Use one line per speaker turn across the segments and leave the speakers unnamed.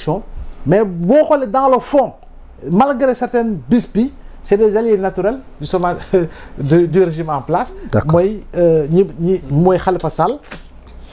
contradiction mais boo xoolee dans le fond malgré certaines bisbilles c'est des alliés naturels justement du, du régime en place mooy euh, ñi ñi mooy Khalifa Sall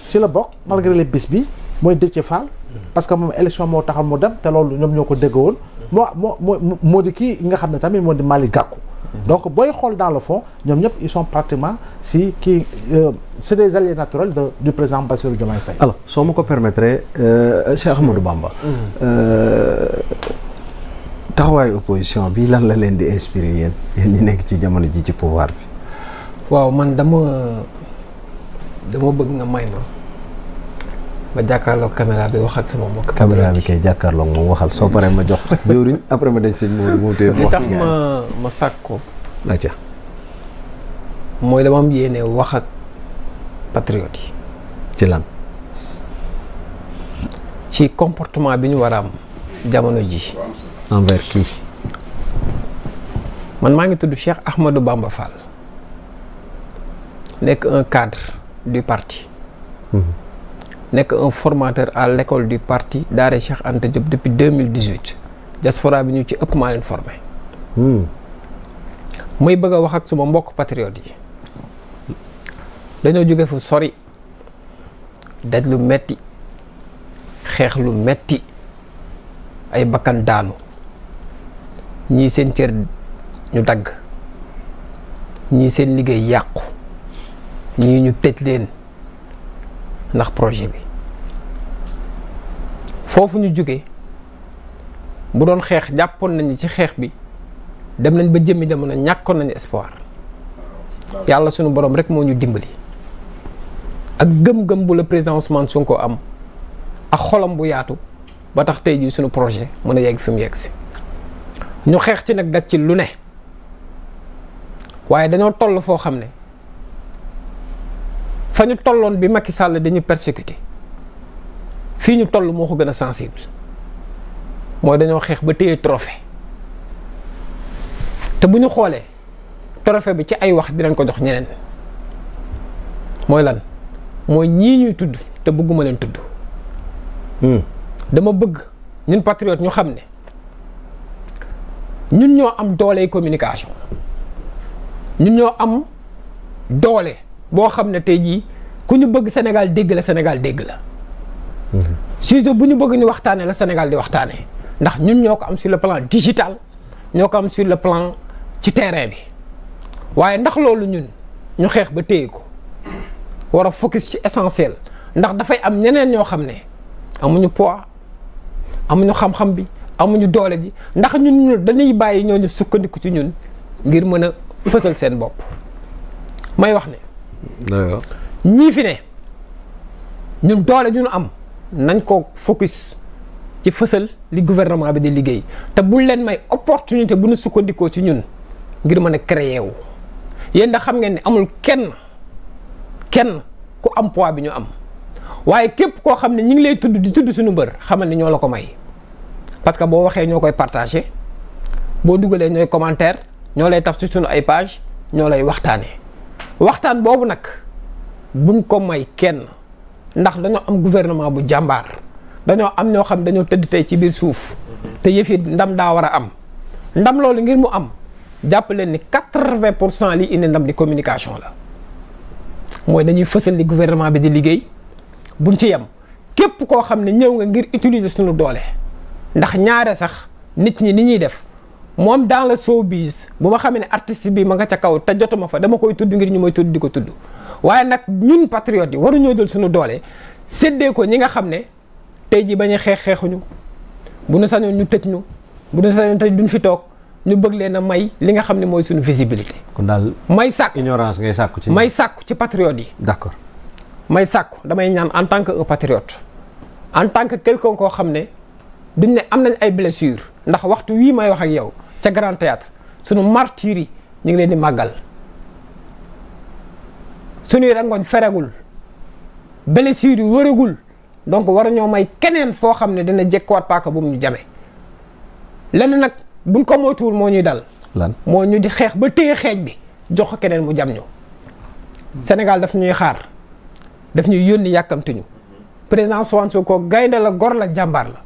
ci la bokk malgré bis bi mooy Déthié Fall parce que moom élection moo taxal mu dem te loolu ñoom ñoo ko dégg woon mm. moo moo moo moo di kii nga xam ne tamit moo di Malick Gakou donc booy xool daal le ñoom ñëpp ils sont pratiquement si kii euh, c'est des alliés naturels de du président Bassirou Diomaye Faye. alors soo ma ko permettre euh, Cheikh Ahmadou Bamba. Mm-hmm. Euh, taxawaayu opposition bi lan la leen di inspirer yéen yéen ñi nekk ci jamono ji ci pouvoir bi.
waaw man dama dama bëgg nga may ma. ma jàkkaarloog caméra bi wax ak sama mbokk. caméra bi kay
jàkkaarloog moom waxal soo paree ma jox jëwriñ après ma dañ sëñ Modou moom tey. li tax
ma ma sàkk ko. acca. mooy dama am yéene wax ak patriote yi. ci lan. ci comportement bi ñu war a am jamono ji. envers qui. man maa ngi tudd Cheikh Ahmadou Bamba Fall nekk un cadre du parti. Mmh. nekk un formateur à l'école du parti Daara Cheikh Anta Diop depuis 2018 diaspora bi ñu ci ëpp maa leen formé. muy hmm. bëgg a wax ak suma mbokk patriote yi dañoo jóge fu sori daj lu metti xeex lu metti ay bakkan daanu ñii seen cër ñu dagg ñii seen liggéey yàqu ñii ñu tëj leen. ndax projet bi foofu ñu jóge bu doon xeex jàppoon nañu ci xeex bi dem nañ ba jëmmi jamono ñàkkoon nañu espoir yàlla sunu borom rek moo ñu dimbali ak gëm-gëm bu la président Ousmane ko am ak xolam bu yaatu ba tax tey jii sunu projet mën a yegg fi mu yegg si ñu xeex ci nag daj ci lu ne waaye dañoo toll foo xam ne fa ñu tolloon bi makki Sall dañu persécuté fii ñu toll moo ko gën a sensible mooy dañoo xeex ba téye trophée te bu ñu xoolee trophée bi ci ay wax dinañ ko jox ñeneen mooy lan mooy ñii ñuy tudd te bëgguma leen tudd. Hmm. dama bëgg ñun patriote ñu xam ne ñun ñoo am doole communication ñun ñoo am doole. boo xam ne tey jii ku ñu bëgg Sénégal dégg la Sénégal dégg la. sujet bu ñu bëgg ñu waxtaanee la Sénégal di waxtaanee ndax ñun ñoo ko am sur le plan digital ñoo ko am sur le plan ci terrain bi waaye ndax loolu ñun ñu xeex ba téye ko war a focus ci essentiel ndax dafay am ñeneen ñoo xam ne amuñu pois amuñu xam-xam bi amuñu doole ji ndax ñun dañuy bàyyi ñooñu sukkandiku ci ñun ngir mën a fësal seen bopp may wax ne. ñii fi ne ñun doole ñu am nañ ko focus ci fësal li gouvernement bi di liggéey te bu leen may opportunité bu ñu sukkandikoo ci ñun ngir mën a créer wu yéen da xam nga ni amul kenn kenn ku am poids bi ñu am waaye képp koo xam ne ñu ngi lay tudd di tudd suñu bër xamal ne ñoo la ko may parce que boo waxee ñoo koy partagé boo dugalee ñooy commentaire ñoo lay taf ci suñu ay page ñoo lay waxtaanee. waxtaan boobu nag buñ ko may kenn ndax dañoo am gouvernement bu jàmbaar dañoo am ñoo xam dañoo tëdd tey ci biir suuf te yëf yi ndam daa war a am ndam loolu ngir mu am jàpp leen ni quatre pour cent li indi ndam di communication la mooy dañuy fësal li gouvernement bi di liggéey buñ ci yem képp koo xam ne ñëw ngir utiliser suñu doole ndax ñaare sax nit ñi ni ñuy def moom dans le showbiz bu ma xamee ne artiste bi ma nga ca kaw te jotuma fa dama koy tudd ngir ñu may tudd di ko tudd waaye nag ñun patriotes yi waruñoo jël suñu doolee séddee ko ñi nga xam ne tey jii bañ a xeex xeexuñu bu nu sañoon ñu tëj ñu bu ñu sañoon tëj duñ fi toog ñu bëgg leen a may li nga xam ne mooy suñu visibilité. kon daal may sàkku ignorance ngay ci. may sàkku ci patriotes yi. d'accord may sàkku damay ñaan en tant que un en tant que quelqu'un koo xam ne duñ ne am nañ ay blessures ndax waxtu wii may wax ak yow. ca Grand Théâtre sunu martyrs yi ñu ngi leen di màggal sunuy rangoñ feregul blessures yu wëragul donc war ñoo may keneen foo xam ne dina jekkuwaat paaka bu mu ñu jame lenn nag buñ ko moytuwul moo ñuy dal lan moo ñu di xeex ba téye xeej bi jox ko keneen mu jam ñu Sénégal daf ñuy xaar daf ñuy yónni yàkkamte ñu président Sonko gaynde la gor la jàmbaar la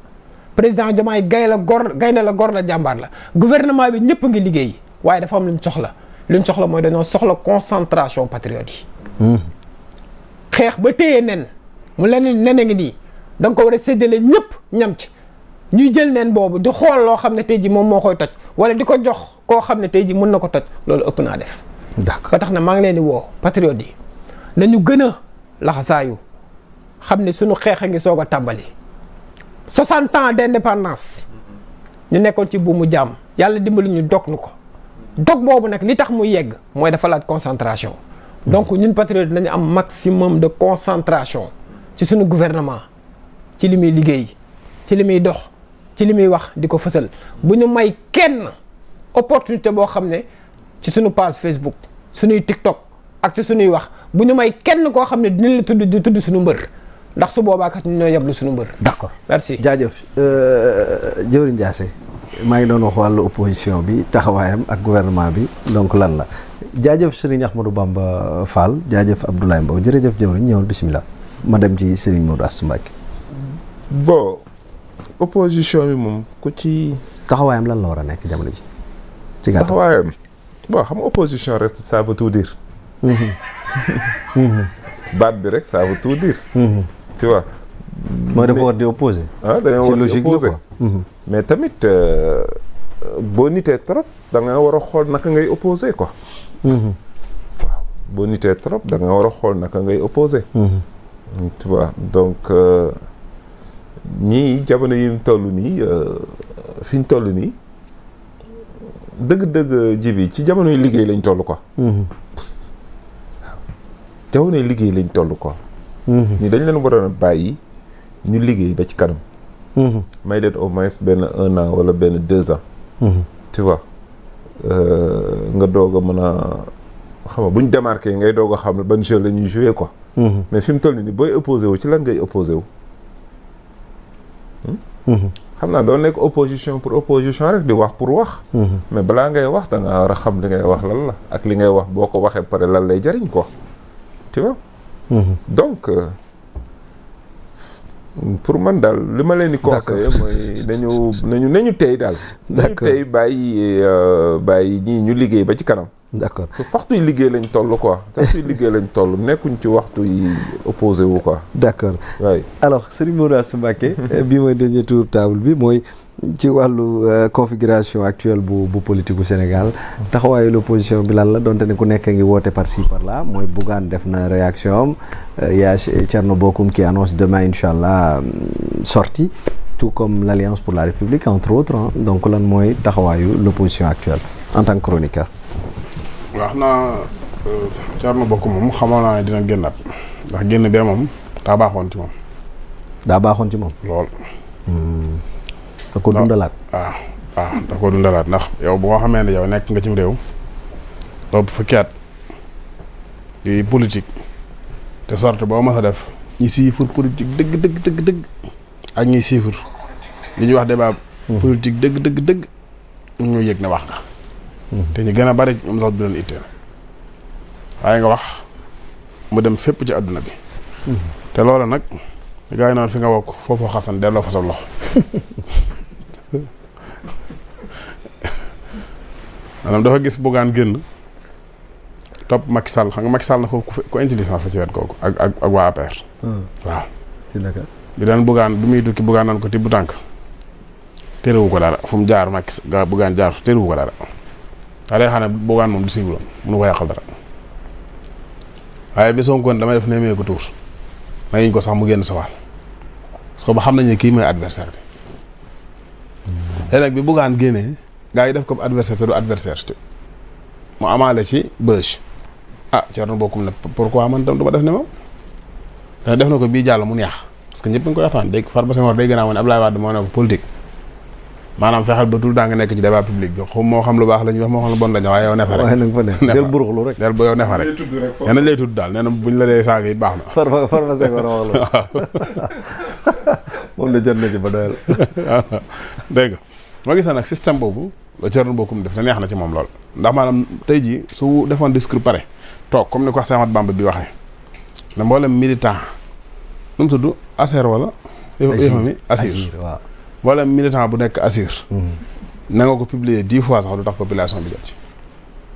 président Diomaye gay la gor gaynde la gor la jàmbaar la gouvernement bi ñëpp ngi liggéey waaye dafa am lu luñ soxla luñ soxla mooy dañoo soxla concentration patriote yi. Hmm. xeex ba téye nen mu leneen nen a ngi nii da nga ko war a séddale ñëpp ñam ci ñuy jël nen boobu di xool loo xam ne tey ji moom moo koy toj wala di ko jox koo xam ne tey ji mën na ko toj loolu ëpp naa def. d'accord ba tax na maa ngi leen di woo patriote yi nañu gën a laxasaayu xam ne sunu xeex a ngi soog a tàmbali. 60 ans d'indépendance ñu nekkoon ci buumu jàmm yàlla dimbali ñu dog nu ko dog boobu nag li tax mu yegg mooy dafa laaj concentration donc ñun patriote nañu am maximum de concentration ci suñu gouvernement ci li muy liggéey ci li muy dox ci li muy wax di ko fësal bu ñu may kenn opportunité boo xam ne ci suñu page Facebook suñuy TikTok ak ci suñuy wax bu ñu may kenn koo xam ne dinañ la tudd di tudd suñu mbër ndax su boobaakat kat ñu ñoo yablu suñu mbër. d'accord merci
jaajëf euh, jëwriñ Ndiassé maa ngi doon wax wàllu opposition bi taxawaayam ak gouvernement bi donc lan la jaajëf Serigne Ahmadou Bamba Fall jaajëf Abdoulaye Mbow jërëjëf jëwriñ ñëwal bisimilah ma dem ci Serigne Modou Assou Mbacké.
opposition
bi moom ku ci. taxawaayam lan la war a nekk jamono ji. ci gàttal taxawaayam
bon xam nga opposition rek ça veut tout dire.
Mhm.
baat bi rek ça veut tout dire. Mhm. tu vois. mooy ah, dafa war di opposé. ci logique la quoi. mais tamit euh, boo nitee trop da nga war a xool naka ngay opposé quoi. Mhm. waaw boo nitee trop da nga war a xool naka ngay opposé. Mhm. tu donc euh, ñii jamono yi mu toll nii euh, fi ñu toll nii dëgg-dëgg ji bi ci jamonoy liggéey lañ tollu ko mhm. waaw liggéey lañ toll ko Mhm. ñu dañ leen war a bàyyi ñu liggéey ba ci kanam. Mhm. may leen au moins benn un an wala benn deux ans. Mhm. tiwa vois euh, nga doog a mën a xam nga bu ñu démarqué ngay doog a xam ban jeu la ñuy joué quoi. mais fi mu toll nii booy opposé wu ci lan ngay opposé wu. Hmm? xam naa doo nekk opposition pour opposition rek di wax pour wax. mais balaa ngay wax da ngaa war a xam li ngay wax lan la ak li ngay wax boo ko waxee pare lan lay jariñ quoi Mm-hmm. donc euh, pour man daal li ma leen di conseillé mooy nañu nañu nañu tey daal nañu tey bàyyi euh, bàyyi ñii ñu liggéey ba ci kanam d'accord waxtu yi liggéey lañu toll quoi waxtu liggéey lañ toll nekkuñ ci waxtu yi
opposé wu quoi d'accord oui alors Serigne Mouna Mbacke bi mooy dernier tour table bi mooy ci wàllu euh, configuration actuelle bu bu politique gu Sénégal taxawaayu l'opposition bi lan la donte ne ku nekk ngi woote par ci par là mooy Bougane def na réaction am euh, yaa Thierno Bocoum qui annonce demain incha allah euh, sorti tout comme l'Alliance pour la République entre autres donc lan mooy taxawaayu l'opposition actuelle en tant que chroniqueur.
waaw xam naa Thierno Bocoum moom xamoon naa ne dina génnaat ndax génn bee moom daa baaxoon ci moom. daa baaxoon ci moom. lool. Hmm. da ko dundalaat ah, waaw waaw da ko dundalaat ndax yow boo xamee ne yow nekk nga cim réew loolu fukki at yuy politique te sorte boo mas a def ñi siifur politique dëgg dëgg dëgg ak ñi siifur li ñuy wax débat hmm. politique dëgg dëgg dëgg ñu yëg ne wax nga hmm. te ñu gën a bari ñoom sax du leen itteel waaye nga wax mu dem fépp ci àdduna bi hmm. te loolu nag gaa yi naan fi nga wokk foofu xasan delloo fa sa loxo maanaam dafa gis buggaan génn topp Macky Sall xam nga Macky Sall na ko ku intelligence la kooku ak ak ak waa APR. Hmm. waaw. ci bi daan Bougane bi muy tukki Bougane naan ko tibb tànk terewu ko dara fu mu jaar Macky ga Bougane jaar terewu ko dara daa lay xam ne Bougane moom du siiwul mënu ko yàqal dara waaye bi Sonko damay def nemee ko tuur mayuñ ko sax mu génn sowal parce ba xam nañ ne kii mooy adversaire bi. Hmm. léegi bi Bougane génnee. gaa yi def ko adversaire te du adversaire te mu amaale ci bëj ah Thierno bokkum na pourquoi man tam du ma def ne moom te def na ko bii jàll mu neex parce que ñëpp nga koy waxtaan a amoon Abdoulaye Wade moo ne ko politique maanaam fexeel nekk ci débat public bi xaw moo xam lu baax la ñuy wax moo xam lu bon la ñu waaye yow nefa rek waaye nag ba lay tudd daal nee buñ la dee saaga yi baax na Farba moom la jot na ci ba doyal dégg nga ma gis nag système boobu la Thierno Bocoum def te neex na ci moom lool ndax maanaam tey jii su defoon discours pare toog comme ni ko Cheikh Ahmadou Bamba bi waxee ne mboolem militant nu mu tudd ASER wala. FMI ASIR waaw mboolem
militant bu nekk ASIR. Mhm. na nga ko publier dix fois sax du tax population bi jot ci.